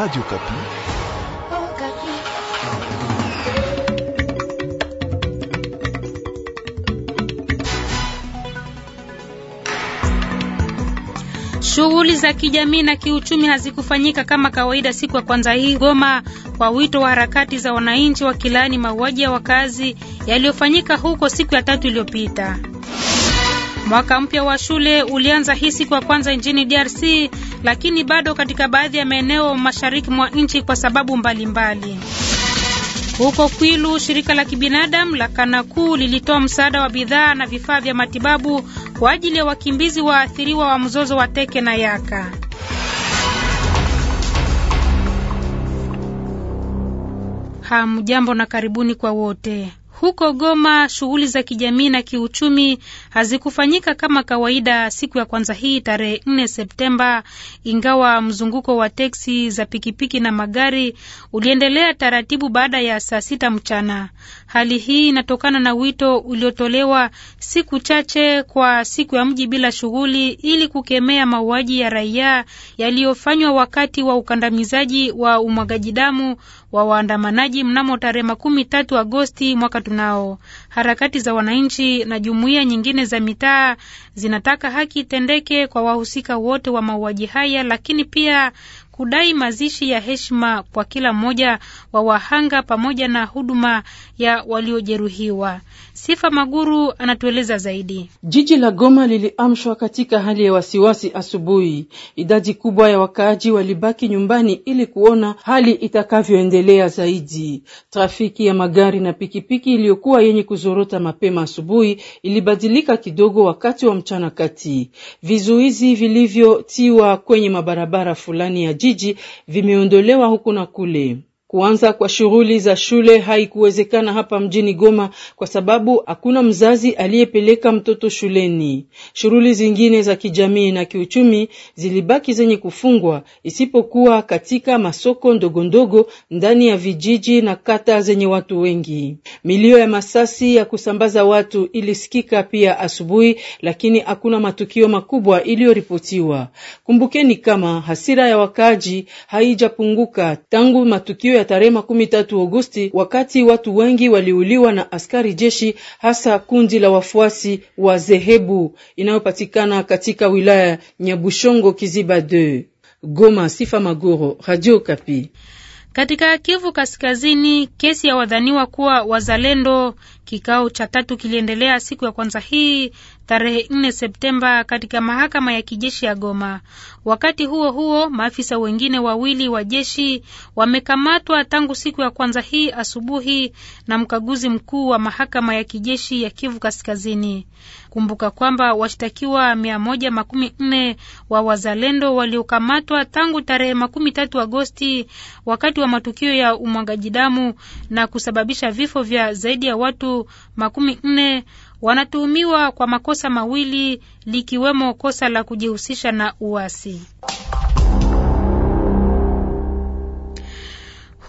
Radio Kapi. Shughuli za kijamii na kiuchumi hazikufanyika kama kawaida siku ya kwanza hii Goma kwa wito wa harakati za wananchi wakilaani mauaji ya wakazi yaliyofanyika huko siku ya tatu iliyopita. Mwaka mpya wa shule ulianza hii siku ya kwanza nchini DRC lakini bado katika baadhi ya maeneo mashariki mwa nchi kwa sababu mbalimbali mbali. Huko Kwilu, shirika la kibinadamu la Kanakuu lilitoa msaada wa bidhaa na vifaa vya matibabu kwa ajili ya wakimbizi waathiriwa wa mzozo wa Teke na Yaka. Hamjambo na karibuni kwa wote. Huko Goma, shughuli za kijamii na kiuchumi hazikufanyika kama kawaida siku ya kwanza hii tarehe 4 Septemba, ingawa mzunguko wa teksi za pikipiki na magari uliendelea taratibu baada ya saa sita mchana. Hali hii inatokana na wito uliotolewa siku chache kwa siku ya mji bila shughuli ili kukemea mauaji ya raia yaliyofanywa wakati wa ukandamizaji wa umwagaji damu wa waandamanaji mnamo tarehe makumi tatu Agosti mwaka tunao. Harakati za wananchi na jumuiya nyingine za mitaa zinataka haki itendeke kwa wahusika wote wa mauaji haya, lakini pia kudai mazishi ya heshima kwa kila mmoja wa wahanga pamoja na huduma ya waliojeruhiwa. Sifa Maguru anatueleza zaidi. Jiji la Goma liliamshwa katika hali ya wasiwasi asubuhi. Idadi kubwa ya wakaaji walibaki nyumbani ili kuona hali itakavyoendelea zaidi. Trafiki ya magari na pikipiki iliyokuwa yenye kuzorota mapema asubuhi ilibadilika kidogo wakati wa mchana kati. Vizuizi vilivyotiwa kwenye mabarabara fulani ya jiji vimeondolewa huku na kule. Kuanza kwa shughuli za shule haikuwezekana hapa mjini Goma kwa sababu hakuna mzazi aliyepeleka mtoto shuleni. Shughuli zingine za kijamii na kiuchumi zilibaki zenye kufungwa isipokuwa katika masoko ndogondogo ndani ya vijiji na kata zenye watu wengi. Milio ya masasi ya kusambaza watu ilisikika pia asubuhi, lakini hakuna matukio makubwa iliyoripotiwa. Kumbukeni kama hasira ya wakaaji haijapunguka tangu matukio ya tarehe makumi tatu Agosti, wakati watu wengi waliuliwa na askari jeshi, hasa kundi la wafuasi wa zehebu inayopatikana katika wilaya Nyabushongo Kiziba 2. Goma, Sifa Magoro, Radio Kapi. Katika Kivu Kaskazini, kesi ya wadhaniwa kuwa wazalendo, kikao cha tatu kiliendelea siku ya kwanza hii tarehe 4 Septemba katika mahakama ya kijeshi ya Goma. Wakati huo huo, maafisa wengine wawili wa jeshi wamekamatwa tangu siku ya kwanza hii asubuhi na mkaguzi mkuu wa mahakama ya kijeshi ya Kivu Kaskazini. Kumbuka kwamba washtakiwa 114 wa wazalendo waliokamatwa tangu tarehe 13 Agosti wakati wa matukio ya umwagaji damu na kusababisha vifo vya zaidi ya watu makumi nne wanatuhumiwa kwa makosa mawili likiwemo kosa la kujihusisha na uasi.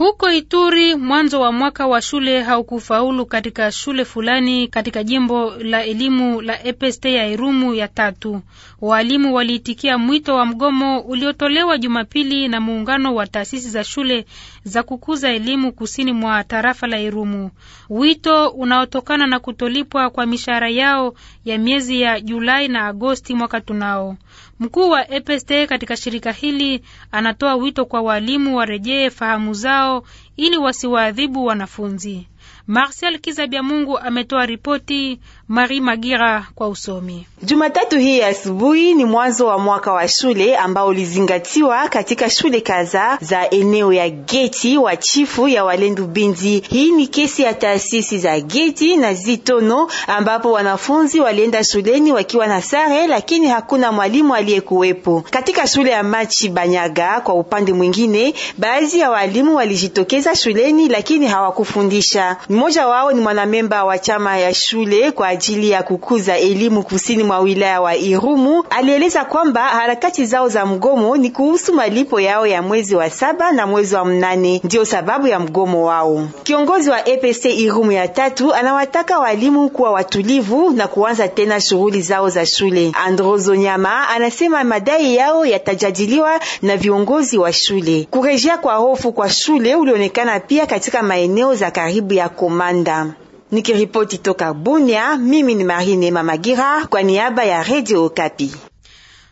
Huko Ituri, mwanzo wa mwaka wa shule haukufaulu katika shule fulani katika jimbo la elimu la EPST ya Irumu ya tatu. Waalimu waliitikia mwito wa mgomo uliotolewa Jumapili na muungano wa taasisi za shule za kukuza elimu kusini mwa tarafa la Irumu, wito unaotokana na kutolipwa kwa mishahara yao ya miezi ya Julai na Agosti mwaka tunao. Mkuu wa EPST katika shirika hili anatoa wito kwa walimu warejee fahamu zao ili wasiwaadhibu wanafunzi. Marcel Kizabia Mungu ametoa ripoti Mari Magira kwa usomi. Jumatatu hii asubuhi ni mwanzo wa mwaka wa shule ambao ulizingatiwa katika shule kadhaa za eneo ya Geti wa chifu ya Walendu Bindi. Hii ni kesi ya taasisi za Geti na Zitono ambapo wanafunzi walienda shuleni wakiwa na sare, lakini hakuna mwalimu aliyekuwepo. Katika shule ya Machi Banyaga, kwa upande mwingine, baadhi ya walimu walijitokeza shuleni lakini hawakufundisha. Mmoja wao ni mwanamemba wa chama ya shule kwa ajili ya kukuza elimu kusini mwa wilaya wa Irumu alieleza kwamba harakati zao za mgomo ni kuhusu malipo yao ya mwezi wa saba na mwezi wa mnane, ndiyo sababu ya mgomo wao. Kiongozi wa EPC Irumu ya tatu anawataka walimu kuwa watulivu na kuanza tena shughuli zao za shule. Androzo Nyama anasema madai yao yatajadiliwa na viongozi wa shule. Kurejea kwa hofu kwa shule ulionekana pia katika maeneo za karibu ya Komanda. Nikiripoti toka Bunia, mimi ni Marine Mama Gira kwa niaba ya Radio Okapi.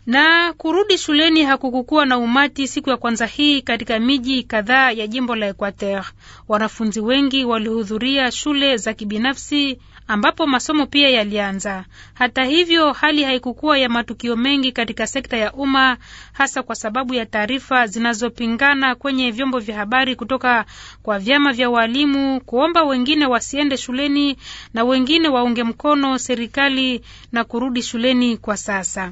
Na kurudi shuleni hakukukuwa na umati siku ya kwanza hii katika miji kadhaa ya jimbo la Equateur. Wanafunzi wengi walihudhuria shule za kibinafsi ambapo masomo pia yalianza. Hata hivyo, hali haikukuwa ya matukio mengi katika sekta ya umma, hasa kwa sababu ya taarifa zinazopingana kwenye vyombo vya habari kutoka kwa vyama vya walimu kuomba wengine wasiende shuleni na wengine waunge mkono serikali na kurudi shuleni kwa sasa.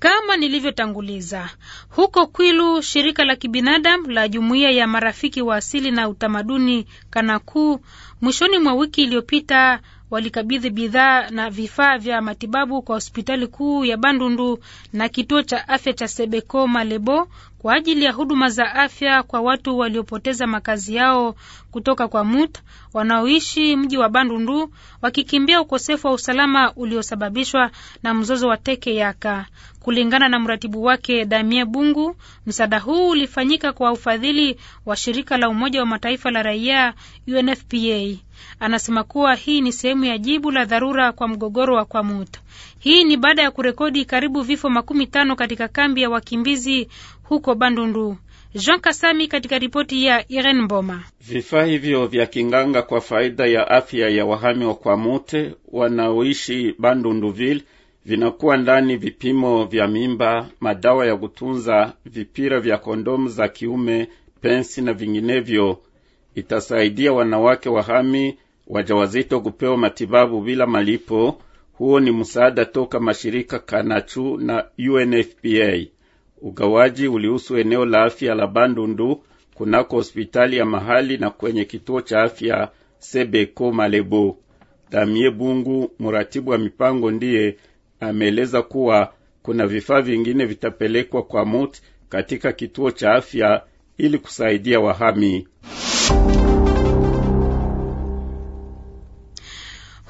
Kama nilivyotanguliza huko Kwilu, shirika la kibinadamu la jumuiya ya marafiki wa asili na utamaduni Kanakuu, mwishoni mwa wiki iliyopita walikabidhi bidhaa na vifaa vya matibabu kwa hospitali kuu ya Bandundu na kituo cha afya cha Sebeko Malebo kwa ajili ya huduma za afya kwa watu waliopoteza makazi yao kutoka kwa MUT wanaoishi mji wa Bandundu wakikimbia ukosefu wa usalama uliosababishwa na mzozo wa Teke Yaka. Kulingana na mratibu wake Damie Bungu, msaada huu ulifanyika kwa ufadhili wa shirika la Umoja wa Mataifa la raia UNFPA. Anasema kuwa hii ni sehemu ya jibu la dharura kwa mgogoro wa Kwamut. Hii ni baada ya kurekodi karibu vifo makumi tano katika kambi ya wakimbizi huko Bandundu. Jean Kasami katika ripoti ya Irene Mboma. Vifaa hivyo vya kinganga kwa faida ya afya ya wahami wa Kwamute wanaoishi Bandunduville vinakuwa ndani vipimo vya mimba, madawa ya kutunza, vipira vya kondomu za kiume, pensi na vinginevyo. Itasaidia wanawake wahami wajawazito kupewa matibabu bila malipo huo ni msaada toka mashirika Kanachu na UNFPA. Ugawaji ulihusu eneo la afya la Bandundu kunako hospitali ya mahali na kwenye kituo cha afya Sebeko Malebo. Damie Bungu, muratibu wa mipango, ndiye ameeleza kuwa kuna vifaa vingine vitapelekwa kwa MUT katika kituo cha afya ili kusaidia wahami.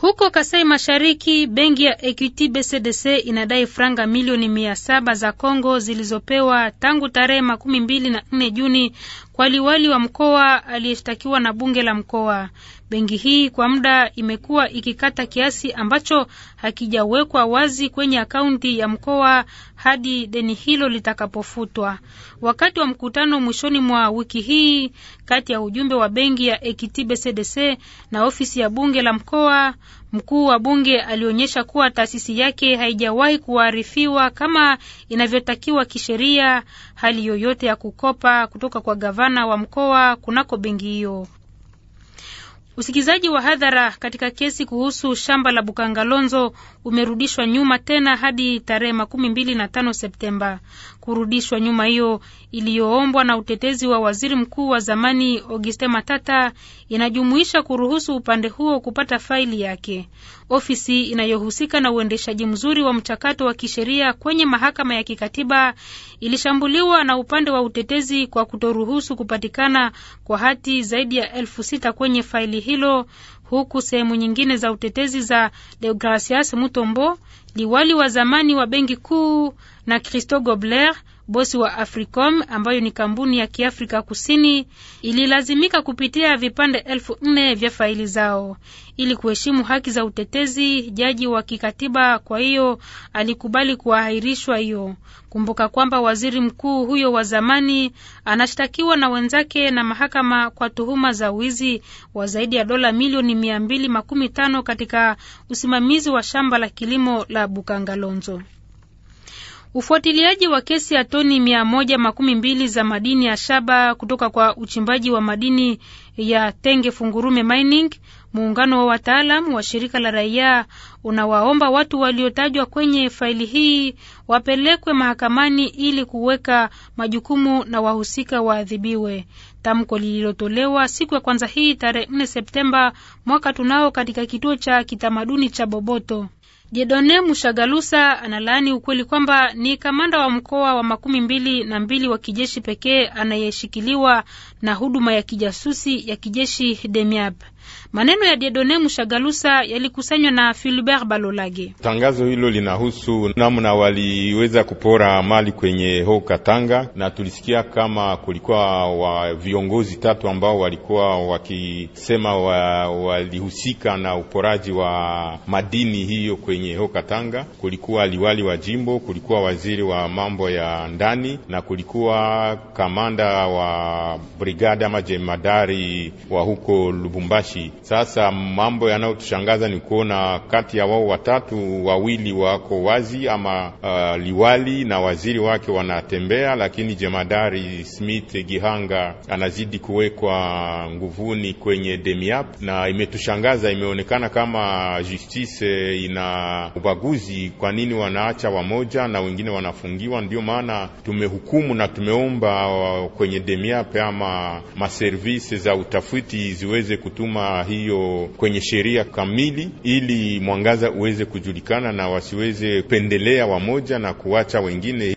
Huko Kasai Mashariki, benki ya Equity BCDC inadai franga milioni mia saba za congo zilizopewa tangu tarehe makumi mbili na nne Juni kwa liwali wa mkoa aliyeshtakiwa na bunge la mkoa. Benki hii kwa muda imekuwa ikikata kiasi ambacho hakijawekwa wazi kwenye akaunti ya mkoa hadi deni hilo litakapofutwa. Wakati wa mkutano mwishoni mwa wiki hii kati ya ujumbe wa benki ya Equity BCDC na ofisi ya bunge la mkoa, Mkuu wa bunge alionyesha kuwa taasisi yake haijawahi kuarifiwa kama inavyotakiwa kisheria hali yoyote ya kukopa kutoka kwa gavana wa mkoa kunako benki hiyo. Usikizaji wa hadhara katika kesi kuhusu shamba la Bukangalonzo umerudishwa nyuma tena hadi tarehe makumi mbili na tano Septemba. Kurudishwa nyuma hiyo iliyoombwa na utetezi wa waziri mkuu wa zamani Auguste Matata inajumuisha kuruhusu upande huo kupata faili yake ofisi inayohusika na uendeshaji mzuri wa mchakato wa kisheria kwenye mahakama ya kikatiba ilishambuliwa na upande wa utetezi kwa kutoruhusu kupatikana kwa hati zaidi ya elfu sita kwenye faili hilo, huku sehemu nyingine za utetezi za Deogracias Mutombo, liwali wa zamani wa benki kuu, na Christo Gobler bosi wa Africom ambayo ni kampuni ya Kiafrika Kusini ililazimika kupitia vipande elfu nne vya faili zao ili kuheshimu haki za utetezi. Jaji wa kikatiba kwa hiyo alikubali kuahirishwa hiyo. Kumbuka kwamba waziri mkuu huyo wa zamani anashtakiwa na wenzake na mahakama kwa tuhuma za wizi wa zaidi ya dola milioni mia mbili makumi tano katika usimamizi wa shamba la kilimo la Bukangalonzo. Ufuatiliaji wa kesi ya toni mia moja makumi mbili za madini ya shaba kutoka kwa uchimbaji wa madini ya Tenge Fungurume Mining, muungano wa wataalam wa shirika la raia unawaomba watu waliotajwa kwenye faili hii wapelekwe mahakamani ili kuweka majukumu na wahusika waadhibiwe. Tamko lililotolewa siku ya kwanza hii tarehe 4 Septemba mwaka tunao katika kituo cha kitamaduni cha Boboto. Jedone Mushagalusa analaani ukweli kwamba ni kamanda wa mkoa wa makumi mbili na mbili wa kijeshi pekee anayeshikiliwa na huduma ya kijasusi ya kijeshi DEMIAP. Maneno ya Diedone Mushagalusa yalikusanywa na Filibert Balolage. Tangazo hilo linahusu namna waliweza kupora mali kwenye ho Katanga, na tulisikia kama kulikuwa wa viongozi tatu ambao walikuwa wakisema walihusika na uporaji wa madini hiyo kwenye ho Katanga. Kulikuwa liwali wa jimbo, kulikuwa waziri wa mambo ya ndani na kulikuwa kamanda wa brigada ama jemadari wa huko Lubumbashi. Sasa mambo yanayotushangaza ni kuona kati ya wao watatu wawili wako wazi ama uh, liwali na waziri wake wanatembea, lakini jemadari Smith Gihanga anazidi kuwekwa nguvuni kwenye DEMIAP, na imetushangaza imeonekana kama justice ina ubaguzi. Kwa nini wanaacha wamoja na wengine wanafungiwa? Ndio maana tumehukumu na tumeomba uh, kwenye DEMIAP ama maservisi za utafiti ziweze kutuma hii hiyo kwenye sheria kamili, ili mwangaza uweze kujulikana na wasiweze pendelea wamoja na kuacha wengine.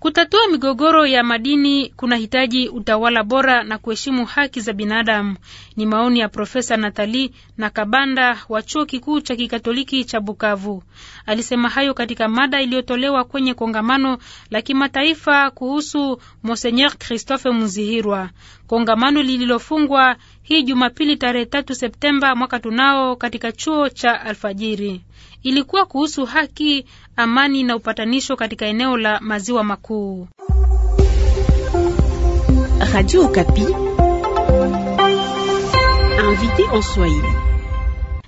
Kutatua migogoro ya madini kunahitaji utawala bora na kuheshimu haki za binadamu. Ni maoni ya Profesa Natali na Kabanda wa Chuo Kikuu cha Kikatoliki cha Bukavu. Alisema hayo katika mada iliyotolewa kwenye kongamano la kimataifa kuhusu Monseigneur Christophe Muzihirwa, kongamano lililofungwa hii Jumapili tarehe 3 Septemba mwaka tunao katika chuo cha Alfajiri ilikuwa kuhusu haki, amani na upatanisho katika eneo la maziwa makuu. Radio Okapi, invité en Swahili.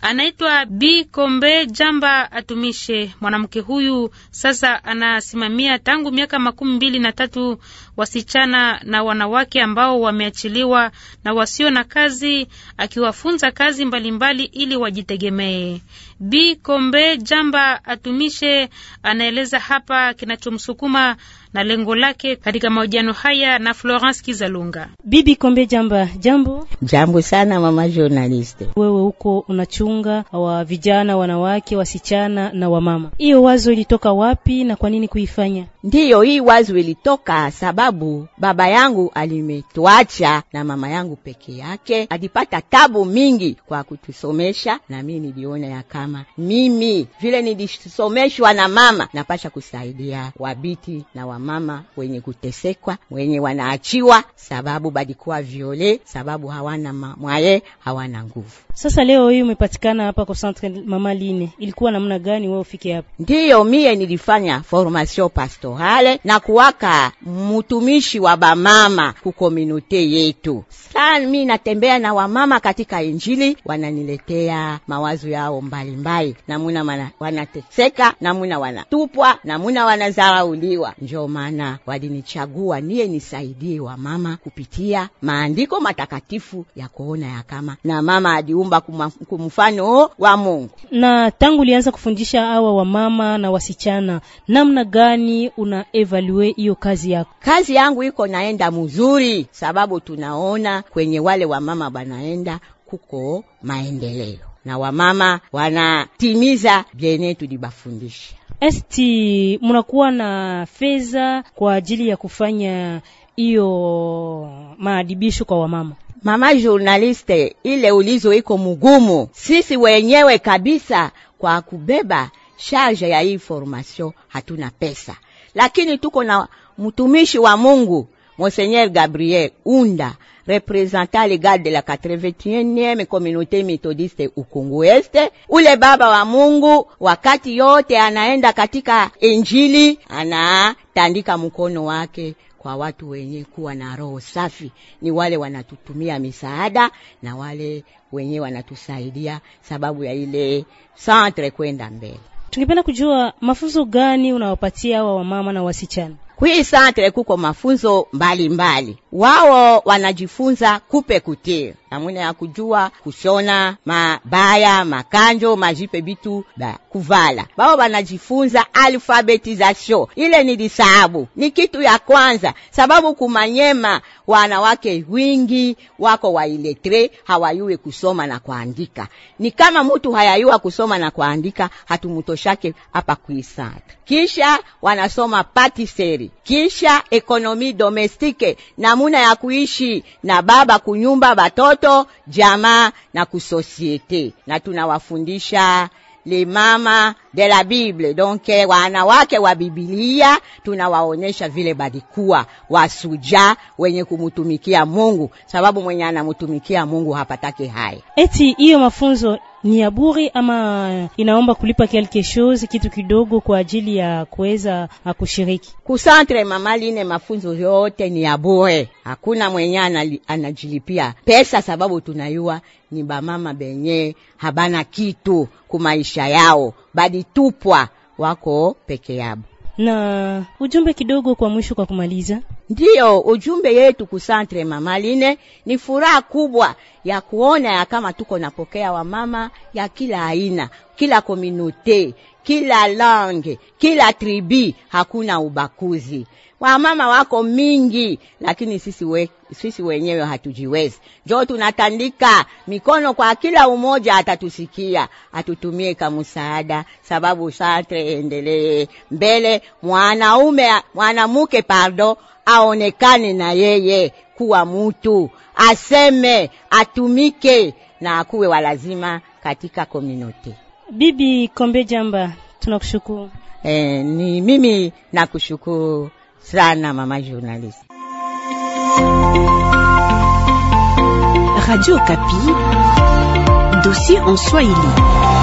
Anaitwa B Kombe Jamba Atumishe. Mwanamke huyu sasa anasimamia tangu miaka makumi mbili na tatu wasichana na wanawake ambao wameachiliwa na wasio na kazi, akiwafunza kazi mbalimbali mbali ili wajitegemee. B Kombe Jamba Atumishe anaeleza hapa kinachomsukuma na lengo lake katika mahojiano haya na Florence Kizalunga. Bibi Kombe, jamba jambo. Jambo sana mama journaliste. Wewe huko unachunga wa vijana, wanawake, wasichana na wamama, hiyo wazo ilitoka wapi na kwa nini kuifanya? Ndiyo, hii wazo ilitoka sababu baba yangu alimetuacha na mama yangu peke yake, alipata tabu mingi kwa kutusomesha, na mimi niliona ya kama mimi vile nilisomeshwa na mama napasha kusaidia wabiti na wamama wenye kutesekwa, wenye wanaachiwa sababu balikuwa viole, sababu hawana mwaye, hawana nguvu. Sasa leo hii umepatikana hapa kwa Centre Mama Line, ilikuwa namna gani wewe ufike hapa? Ndiyo, mie nilifanya formation pastor morale na kuwaka mutumishi wa bamama kukomunite yetu. Sana mi natembea na wamama katika Injili, wananiletea mawazo yao mbalimbali, namuna wanateseka, namuna wanatupwa, namuna wanazarauliwa. Njo maana walinichagua niye nisaidie wamama kupitia maandiko matakatifu ya kuona ya kama na mama aliumba kumfano wa Mungu. Na tangu ulianza kufundisha awa wamama na wasichana namna gani una evalue hiyo kazi yako? Kazi yangu iko naenda mzuri, sababu tunaona kwenye wale wamama banaenda kuko maendeleo na wamama wanatimiza biene tulibafundisha. Esti mnakuwa na fedha kwa ajili ya kufanya hiyo maadibisho kwa wamama? Mama journaliste, ile ulizo iko mugumu, sisi wenyewe kabisa kwa kubeba charge ya hii formation hatuna pesa lakini tuko na mtumishi wa Mungu Monseigneur Gabriel Unda, representant legal de la 81e communauté methodiste Ukungu Este. Ule baba wa Mungu wakati yote anaenda katika Injili, anatandika mkono wake kwa watu wenye kuwa na roho safi, ni wale wanatutumia misaada na wale wenye wanatusaidia sababu ya ile centre kwenda mbele. Tungependa kujua mafunzo gani unawapatia wa wamama na wasichana? Hii santre kuko mafunzo mbalimbali, wao wanajifunza kupe namuna ya kujua kushona mabaya makanjo majipe bitu ba kuvala. Bao banajifunza sho ile ni disabu, ni kitu ya kwanza, sababu kumanyema wanawake wingi wako wailetre hawayue kusoma na kuandika. Ni kama mutu hayayua kusoma na kuandika, hatumutoshake hapa kuisata Kisha wanasoma patiseri, kisha ekonomi domestike, namuna ya kuishi na baba kunyumba batoto watoto, jamaa na kusosiete, na tunawafundisha le mama de la Bible, donc wanawake wa Biblia tunawaonyesha vile badikuwa wasuja wenye kumutumikia Mungu, sababu mwenye anamutumikia Mungu hapatake haya. Eti hiyo mafunzo ni ya bure ama inaomba kulipa quelque chose kitu kidogo kwa ajili ya kuweza ah, kushiriki kusantre mamaline? Mafunzo yote ni ya bure, hakuna mwenye anajilipia pesa, sababu tunayua ni bamama benye habana kitu kumaisha yao, badi tupwa wako peke yabo. Na ujumbe kidogo kwa mwisho, kwa kumaliza Ndiyo ujumbe yetu kusantre Mamaline. Ni furaha kubwa ya kuona ya kama tuko napokea wamama ya kila aina, kila kominote, kila langue, kila tribi, hakuna ubakuzi. Wamama wako mingi, lakini sisi, we, sisi wenyewe hatujiwezi. Jo, tunatandika mikono kwa kila umoja, atatusikia atutumie kamusaada msaada, sababu santre endelee mbele. Mwanaume mwanamke, pardon aonekane na yeye kuwa mutu, aseme, atumike na akuwe wa lazima katika komunote. Bibi Kombe Jamba, tunakushukuru. E, ni mimi nakushukuru sana mama journalist. Radio Kapi, dossier en Swahili.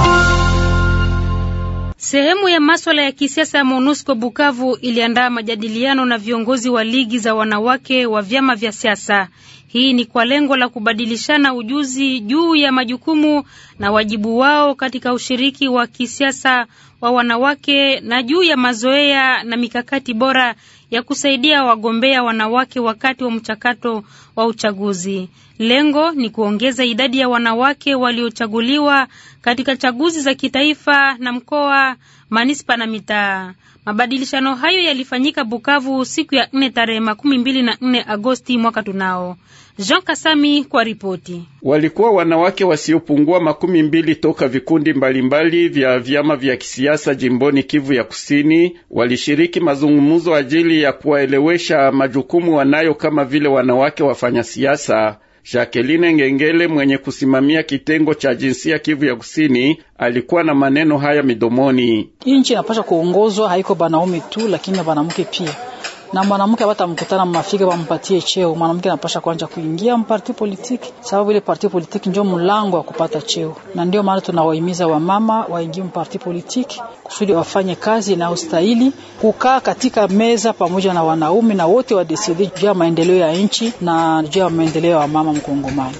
Sehemu ya maswala ya kisiasa ya MONUSCO Bukavu iliandaa majadiliano na viongozi wa ligi za wanawake wa vyama vya siasa. Hii ni kwa lengo la kubadilishana ujuzi juu ya majukumu na wajibu wao katika ushiriki wa kisiasa wa wanawake na juu ya mazoea na mikakati bora ya kusaidia wagombea wanawake wakati wa mchakato wa uchaguzi. Lengo ni kuongeza idadi ya wanawake waliochaguliwa katika chaguzi za kitaifa na mkoa, manispa na mitaa. Mabadilishano hayo yalifanyika Bukavu siku ya nne tarehe makumi mbili na nne Agosti mwaka tunao. Jean Kasami kwa ripoti. Walikuwa wanawake wasiopungua makumi mbili toka vikundi mbalimbali vya vyama vya kisiasa jimboni Kivu ya Kusini, walishiriki mazungumzo ajili ya kuwaelewesha majukumu wanayo kama vile wanawake wafanya siasa. Jacqueline Ngengele mwenye kusimamia kitengo cha jinsia Kivu ya Kusini alikuwa na maneno haya midomoni. Nchi inapasha kuongozwa haiko banaume tu, lakini na banamke pia na mwanamke hata mkutana mafike wampatie cheo. Mwanamke anapasha kwanza kuingia mparti politiki, sababu ile parti politiki ndio mlango wa kupata cheo, na ndio maana tunawahimiza wamama waingie mparti politiki kusudi wafanye kazi inayostahili kukaa katika meza pamoja na wanaume na wote wadesidi juu ya maendeleo ya nchi na juu ya maendeleo ya mama mkongomani.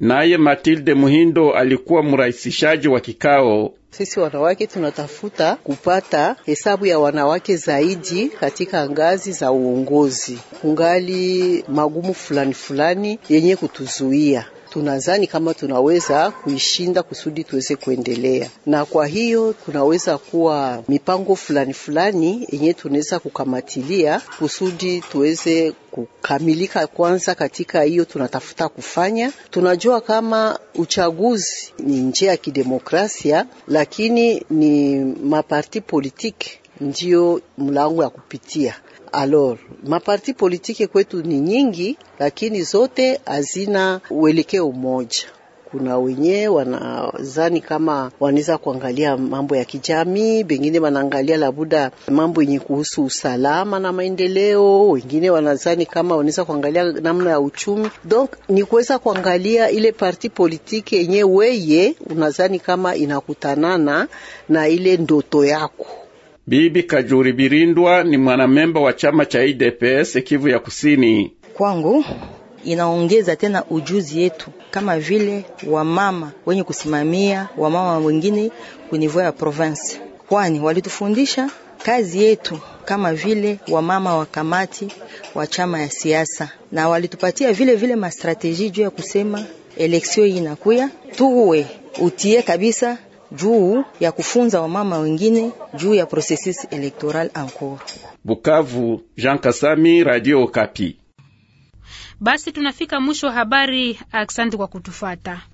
Naye Matilde Muhindo alikuwa mrahisishaji wa kikao. Sisi wanawake tunatafuta kupata hesabu ya wanawake zaidi katika ngazi za uongozi. Kungali magumu fulani fulani yenye kutuzuia tunazani kama tunaweza kuishinda kusudi tuweze kuendelea. Na kwa hiyo kunaweza kuwa mipango fulani fulani yenye tunaweza kukamatilia kusudi tuweze kukamilika kwanza katika hiyo tunatafuta kufanya. Tunajua kama uchaguzi ni njia ya kidemokrasia, lakini ni maparti politiki ndiyo mlango ya kupitia alor maparti politike kwetu ni nyingi, lakini zote hazina uelekeo mmoja. Kuna wenye wanazani kama wanaweza kuangalia mambo ya kijamii, bengine wanaangalia labuda mambo yenye kuhusu usalama na maendeleo, wengine wanazani kama wanaweza kuangalia namna ya uchumi. Donc ni kuweza kuangalia ile parti politike yenye weye unazani kama inakutanana na ile ndoto yako Bibi Kajuri Birindwa ni mwanamemba wa chama cha IDPS Kivu ya Kusini. Kwangu inaongeza tena ujuzi yetu kama vile wamama wenye kusimamia wamama wengine kunivua ya province, kwani walitufundisha kazi yetu kama vile wamama wa kamati wa chama ya siasa, na walitupatia vile vile mastrateji juu ya kusema eleksio hii inakuya tuwe utie kabisa juu ya kufunza wamama wengine juu ya processus electoral encore. Bukavu, Jean Kasami, Radio Kapi. Basi tunafika mwisho wa habari. Asante kwa kutufata.